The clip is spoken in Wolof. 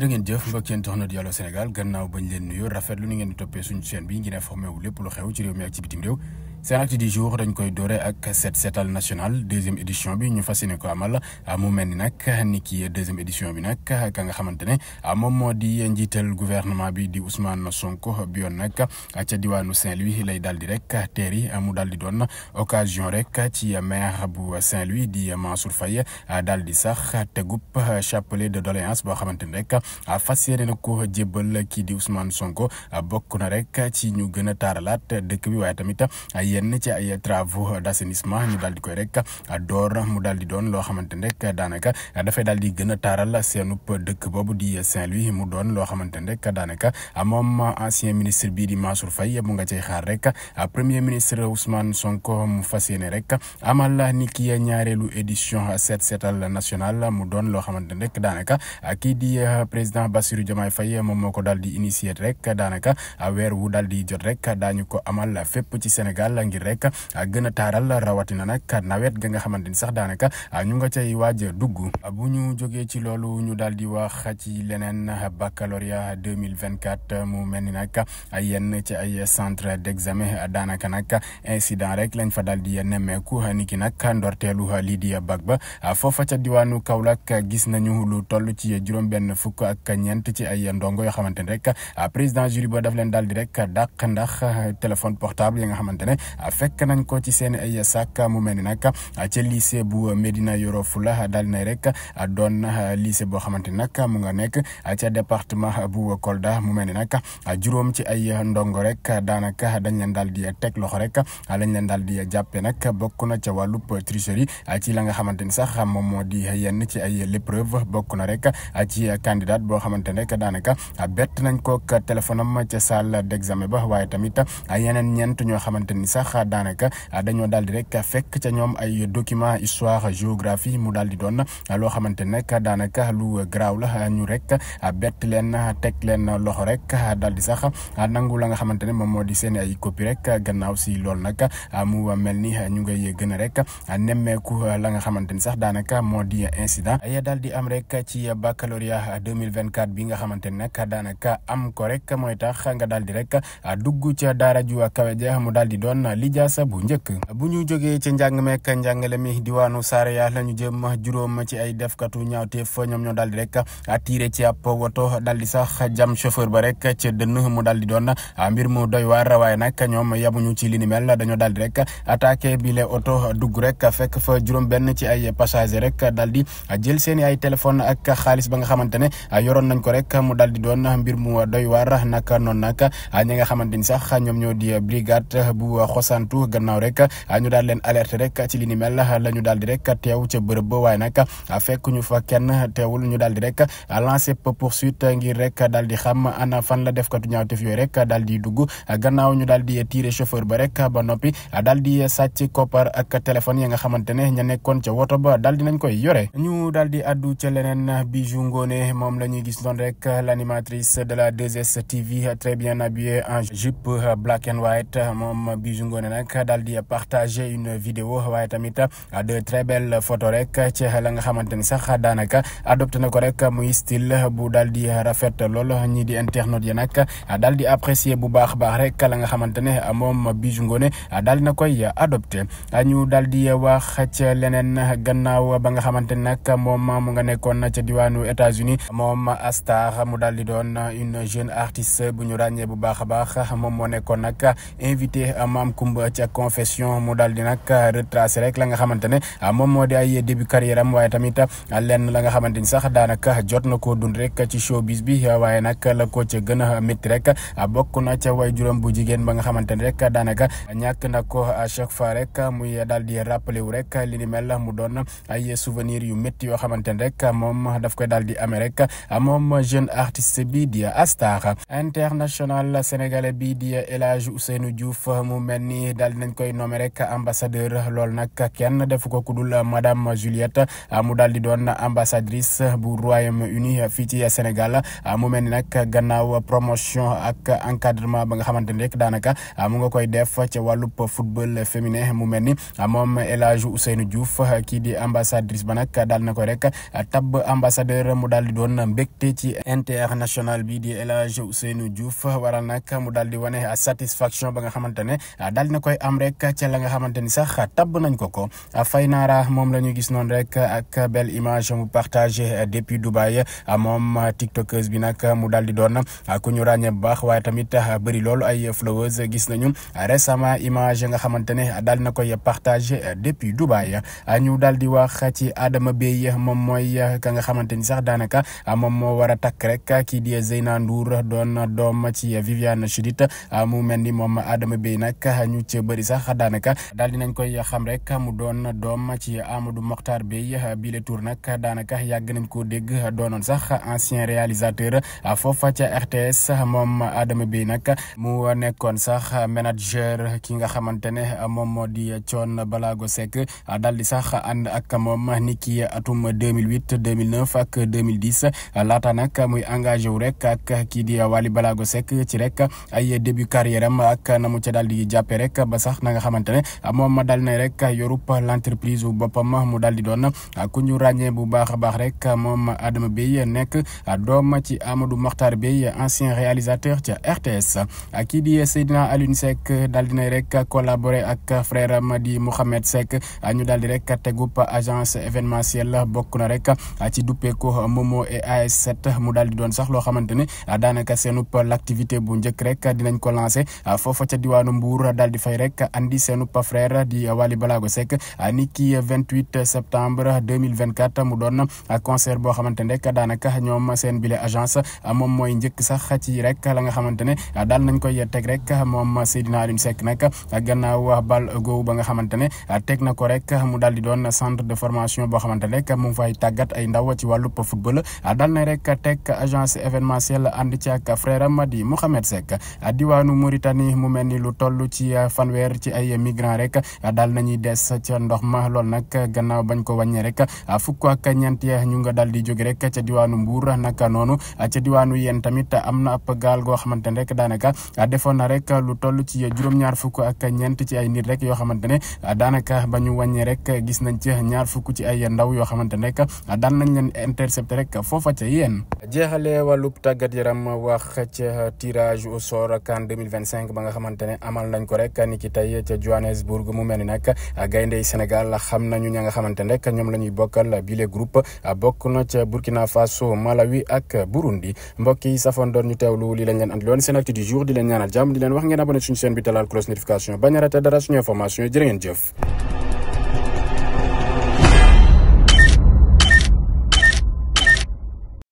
jërë ngeen jëf mbokk yéen taxna Allô Sénégal gannaaw bañ leen nuyu rafet lu ni ngeen di toppee suñu chaîne bi ngeen informé lépp lu xew ci réew mi ak réew seen acte du jour dañ koy doore ak set setal national deuxième édition bi ñu fas yéene ko amal ah, mu mel ni nag ni ki deuxième édition bi nag ka nga xamante ne ah, moom moo di njiital gouvernement bi di Ousmane Sonko bi yoon a ah, ca diwaanu Saint-Louis lay daal di rek teeri mu daal di doon occasion rek ci maire bu Saint-Louis di Mansour Faye daal di sax tegub chapelet de doléance boo xamante ne rek fas yéene na ko jébbal kii di Ousmane Sonko bokk na rek ci ñu gën a taaralaat dëkk bi waaye tamit. yenn ci ay travaux d'assainissement ñu daal di koy rek door mu daal di doon loo xamante ne rek daanaka dafay daal di gën a taaral seenub dëkk boobu di Saint-Louis mu doon loo xamante ne rek daanaka moom ancien ministre bii di Mansour Faye mu nga cay xaar rek premier ministre Ousmane Sonko mu fas yéene rek amal ni ki ñaareelu édition set setal national mu doon loo xamante ne rek daanaka kii di président Bassirou Diomaye Faye moom moo ko daal di initier rek daanaka weer wu daal di jot rek daañu ko amal fépp ci Sénégal. la ngir rek gën a taaral rawatina nag nawet ga nga xamante ni sax daanaka ñu nga cee waaj dugg bu ñu jógee ci loolu ñu daal di wax ci leneen baccalauréat 2024 mu mel ni nag yenn ci ay centre d'examen daanaka nag incident rek lañ fa daal di nemmeeku ni ki nag ndorteelu lii di bac ba foofa ca diwaanu Kaolack gis nañu lu toll ci juróom-benn fukk ak ñeent ci ay ndongo yoo xamante ni rek président jury ba daf leen daal di rek dàq ndax téléphone portable yi nga xamante ne fekk nañ ko ci seen ay sàkk mu mel ni nag ca lycée bu Médina Yoro Fula daal na rek doon lycée boo xamante nag mu nga nekk ca département bu Kolda mu mel ni nag juróom ci ay ndongo rek daanaka dañ leen daal di teg loxo rek lañ leen daal di jàppee nag bokk na ca wàllub tricherie ci la nga xamante ni sax moom moo di yenn ci ay l'épreuve bokk na rek ci candidat boo xamante ne rek daanaka bett nañ ko téléphone am ca salle d'examen ba waaye sax daanaka dañoo daal di a fekk ca ñoom ay document histoire géographie mu daal di doon loo xamante nag daanaka a garaaw la ñu rek bett leen teg leen loxo rek daal di sax nangu la nga xamante ne moom moo di seen ay copie rek gannaaw si loolu nag mu a rek nemmeeku la nga xamante ni sax daanaka moo di incident ya daal di am rek ci baccalauréat 2024 bi nga xamante ne nag daanaka am ko rek mooy tax nga daal di rek dugg ca daara ju kawe mu daal doon lijaasa bu njëkk bu ñu jógee ci njàng meek njàngale mi diwaanu Saraya la ñu jëm juróom ci ay defkatu ñaawteef ñoom ñoo daal di a attiré ci ab woto daal di sax jam chauffeur ba rek ci dënn mu daal di doon mbir mu doy waar waaye nag ñoom yamuñu ci li ni mel dañoo daal di rek attaqué bi le oto dugg rek fekk fa juróom benn ci ay passager rek daal di jël seeni ay téléphone ak xaalis ba nga xamante ne yoroon nañ ko rek mu daal di doon mbir mu doy waar nag noonu nag ñi nga xamante ni sax ñoom ñoo brigade bu ko santu gannaaw a ñu daal leen alerte rek ci li ni mel la ñu daal di rek teew ca bërëb ba waaye nag fekk ñu fa kenn teewul ñu daal di rek lancer poursuite ngir rek daal di xam ana la def katu ñaawteef yooyu rek daal di dugg gannaaw ñu daal di tirer chauffeur ba rek ba noppi a di sàcc koppar ak téléphone yi nga xamante ne ña nekkoon ca woto ba a di nañ koy yore ñu daal di addu ca leneen Bijou Ngoné moom la gis doon rek l'animatrice de la 2 Ngoné nag daal di partagé une vidéo waaye tamit de très photo rek ci la nga xamante ni sax daanaka adopté na ko rek muy style bu daal di rafet lool ñii di internautes yi nag daal di apprécier bu baax baax rek la nga xamante ne moom Bijou Ngoné a di na koy adopté ñu daal di wax ca leneen gannaaw ba nga xamante ni nag ma mu nga nekkoon ca diwaanu États-Unis moom Astar mu daal di doon une jeune artiste bu ñu ràññee bu baax a baax moom kumba ca confession mu daal di nag euh, retracé rek la nga xamante ne euh, moom moo di ay début carrière am waaye tamit euh, lenn la nga xamante sax daanaka jot na koo dund rek ci showbiz bi waaye nag la ko ca gën a métti rek bokk na ca way juróom bu jigéen ba nga xamante ne rek daanaka ñàkk na ko à chaque fois rek muy daal di rappelé wu rek li ni mel mu doon ay souvenir yu métti yoo xamante ne rek moom daf koy daal di amee rek moom jeune artiste bi di Astar international sénégalais bi di El Hadj Ousseynou Diouf mu mel ni daal dinañ koy nommé rek ambassadeur loolu nag kenn defu ko kudul madame Juliette mu daal di doon ambassadrice bu Royaume-Uni fii ci Sénégal mu mel ni nag gannaaw promotion ak encadrement ba nga xamante ni rek daanaka mu nga koy def ci wàllub football féminin mu mel ni moom El Hadj kii di ambassadrice ba nag daal na ko rek tab ambassadeur mu daal di doon mbégte ci international bi di El Hadj Ousseynou Diouf waral nag mu daal di wane satisfaction ba nga xamante ne daal na koy am rek ca la nga xamante ni sax tabb nañ ko ko fay naara moom la ñu gis noon rek ak belle image mu partagé depuis Dubaï moom tiktokeuse bi nag mu daal di doon ku ñu ràññee bu baax waaye tamit bëri loolu ay followers gis nañu récemment image nga xamante ne daal dina koy partage depuis Dubaï ñu daal di wax ci Adama Bey moom mooy ka nga xamante ni sax daanaka moom moo war a takk rek kii di Zeyna Ndour doon a doom ci Viviane Chidid mu mel ni moom Adama Bey nag. ñu ci bëri sax daanaka daal dinañ koy xam rek mu doon doom ci Amadou Mokhtar Beye bile tour nag daanaka yàgg nañ koo dégg doonoon sax ancien réalisateur foofa ca RTS moom Adama Beye nag mu nekkoon nga xamante ne moom moo di Thione Ballago Seck daal di sax ànd ak moom ni ki atum 2008 2009 ak 2010 laata nag muy engagé wu rek ak kii di Wally Ballago Seck ci rek ay début carrière am ak na mu ca daal jàppee rek ba sax na nga xamante ne moom ma dal na rek yorub l' entreprise bu boppam mu dal di doon ku ñu ràññee bu baax a baax rek moom ma Adama Bey nekk doom ci Amadou Mokhtar Bey ancien réalisateur ca RTS ak kii di Seydina Alioune Seck daal di nay rek collaboré ak frère am di Mouhamed Seck ñu dal di rek tegub agence événement événementielle bokk na rek ci duppeeku Momo et AS7 mu dal di doon sax loo xamante ne daanaka seenub l' activité bu njëkk rek dinañ ko lancé daal di fay rek andi seenu frère di Wally Balago Seck a ki 28 septembre 2024 mu doon concert boo xamante ne rek daanaka ñoom seen bile agence moom mooy njëkk sax ci rek la nga xamante ne daal nañ koy teg rek moom Seydina Alioune Seck nag gannaaw bal goow ba nga xamante ne teg na ko rek mu daal di doon centre de formation boo xamante ne rek mu ngi fay tàggat ay ndaw ci wàllub football daal na rek teg agence événementielle ànd ci ak ci fanweer ci ay migrants rek daal nañuy des ca ndox ma lool nag gannaaw bañ ko wàññee rek fukk ak ñeent ñu nga daal di jóge rek ca diwaanu Mbour naka noonu ca diwaanu yéen tamit am na ab gaal goo xamante ne rek daanaka defoon na rek lu toll ci juróom-ñaar fukk ak ñeent ci ay nit rek yoo xamante ne daanaka ba ñu wàññee rek gis nañ ci ñaar fukk ci ay ndaw yoo xamante ne rek daan nañ leen intercepté rek foofa ca yéen. jeexalee wàllub tàggat yaram wax ca tirage au sort CAN ba nga xamante ne rek ni ki tey ca Johannesburg mu mel ni nag gayndey Sénégal xam nañu ña nga xamante ne ñoom la ñuy bokkal bile groupe bokk na ca Burkina Faso Malawi ak Burundi mbokk yi safoon doon ñu teewlu li lañ leen andi loon seen acte du jour di leen ñaanal jàmm di leen wax ngeen abonné suñu chaîne bi talaal notification bañ a dara suñu information yi jërë ngeen jëf